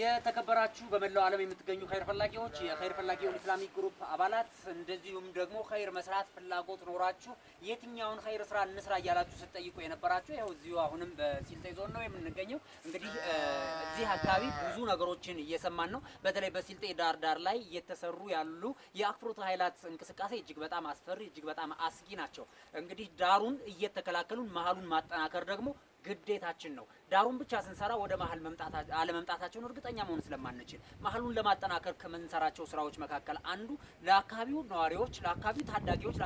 የተከበራችሁ በመላው ዓለም የምትገኙ ኸይር ፈላጊዎች የኸይር ፈላጊ ኢስላሚክ ግሩፕ አባላት እንደዚሁም ደግሞ ኸይር መስራት ፍላጎት ኖራችሁ የትኛውን ኸይር ስራ እንስራ እያላችሁ ስትጠይቁ የነበራችሁ ይኸው እዚሁ አሁንም በሲልጤ ዞን ነው የምንገኘው። እንግዲህ እዚህ አካባቢ ብዙ ነገሮችን እየሰማን ነው። በተለይ በሲልጤ ዳር ዳር ላይ እየተሰሩ ያሉ የአክፍሮት ኃይላት እንቅስቃሴ እጅግ በጣም አስፈሪ፣ እጅግ በጣም አስጊ ናቸው። እንግዲህ ዳሩን እየተከላከሉን መሀሉን ማጠናከር ደግሞ ግዴታችን ነው። ዳሩን ብቻ ስንሰራ ወደ መሀል አለመምጣታቸውን እርግጠኛ መሆን ስለማንችል መሀሉን ለማጠናከር ከምንሰራቸው ስራዎች መካከል አንዱ ለአካባቢው ነዋሪዎች፣ ለአካባቢው ታዳጊዎች፣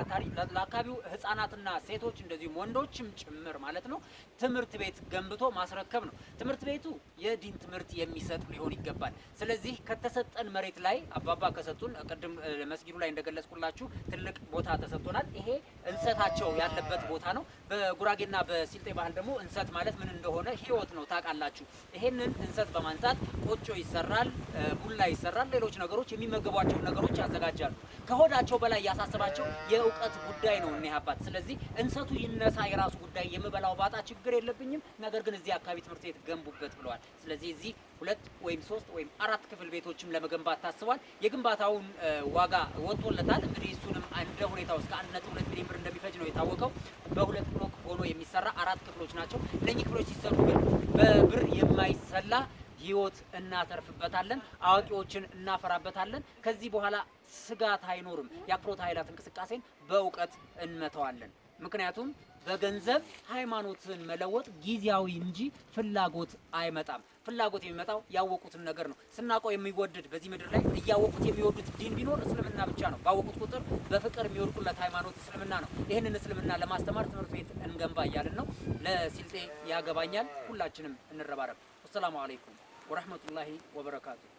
ለአካባቢው ህጻናትና ሴቶች እንደዚሁም ወንዶችም ጭምር ማለት ነው ትምህርት ቤት ገንብቶ ማስረከብ ነው። ትምህርት ቤቱ የዲን ትምህርት የሚሰጥ ሊሆን ይገባል። ስለዚህ ከተሰጠን መሬት ላይ አባባ ከሰጡን ቅድም መስጊዱ ላይ እንደገለጽኩላችሁ ትልቅ ቦታ ተሰጥቶናል። ይሄ እንሰታቸው ያለበት ቦታ ነው። በጉራጌና በሲልጤ ባህል ደግሞ እንሰት ማለት ምን እንደሆነ ህይወት ነው ታውቃላችሁ። ይሄንን እንሰት በማንሳት ቆጮ ይሰራል፣ ቡላ ይሰራል፣ ሌሎች ነገሮች የሚመገቧቸው ነገሮች ያዘጋጃሉ። ከሆዳቸው በላይ ያሳስባቸው የእውቀት ጉዳይ ነው እኒህ አባት። ስለዚህ እንሰቱ ይነሳ የራሱ ጉዳይ፣ የምበላው ባጣ ችግር የለብኝም፣ ነገር ግን እዚህ አካባቢ ትምህርት ቤት ገንቡበት ብለዋል። ስለዚህ እዚህ ሁለት ወይም ሶስት ወይም አራት ክፍል ቤቶችም ለመገንባት ታስቧል። የግንባታውን ዋጋ ወጥቶለታል። እንግዲህ እሱንም እንደ ሁኔታው እስከ አንድ ነጥብ ሁለት ሚሊዮን ብር እንደሚፈጅ ነው የታወቀው። በሁለት ብሎክ ሆኖ የሚሰራ አራት ክፍሎች ናቸው። እነኚህ ክፍሎች ሲሰሩ ግን በብር የማይሰላ ህይወት እናተርፍበታለን፣ አዋቂዎችን እናፈራበታለን። ከዚህ በኋላ ስጋት አይኖርም። የአፍሮት ኃይላት እንቅስቃሴን በእውቀት እንመተዋለን። ምክንያቱም በገንዘብ ሃይማኖትን መለወጥ ጊዜያዊ እንጂ ፍላጎት አይመጣም። ፍላጎት የሚመጣው ያወቁትን ነገር ነው። ስናውቀው የሚወደድ በዚህ ምድር ላይ እያወቁት የሚወዱት ዲን ቢኖር እስልምና ብቻ ነው። ባወቁት ቁጥር በፍቅር የሚወድቁለት ሃይማኖት እስልምና ነው። ይህንን እስልምና ለማስተማር ትምህርት ቤት እንገንባ እያልን ነው። ለሲልጤ ያገባኛል። ሁላችንም እንረባረብ። አሰላሙ አለይኩም ورحمة الله وبركاته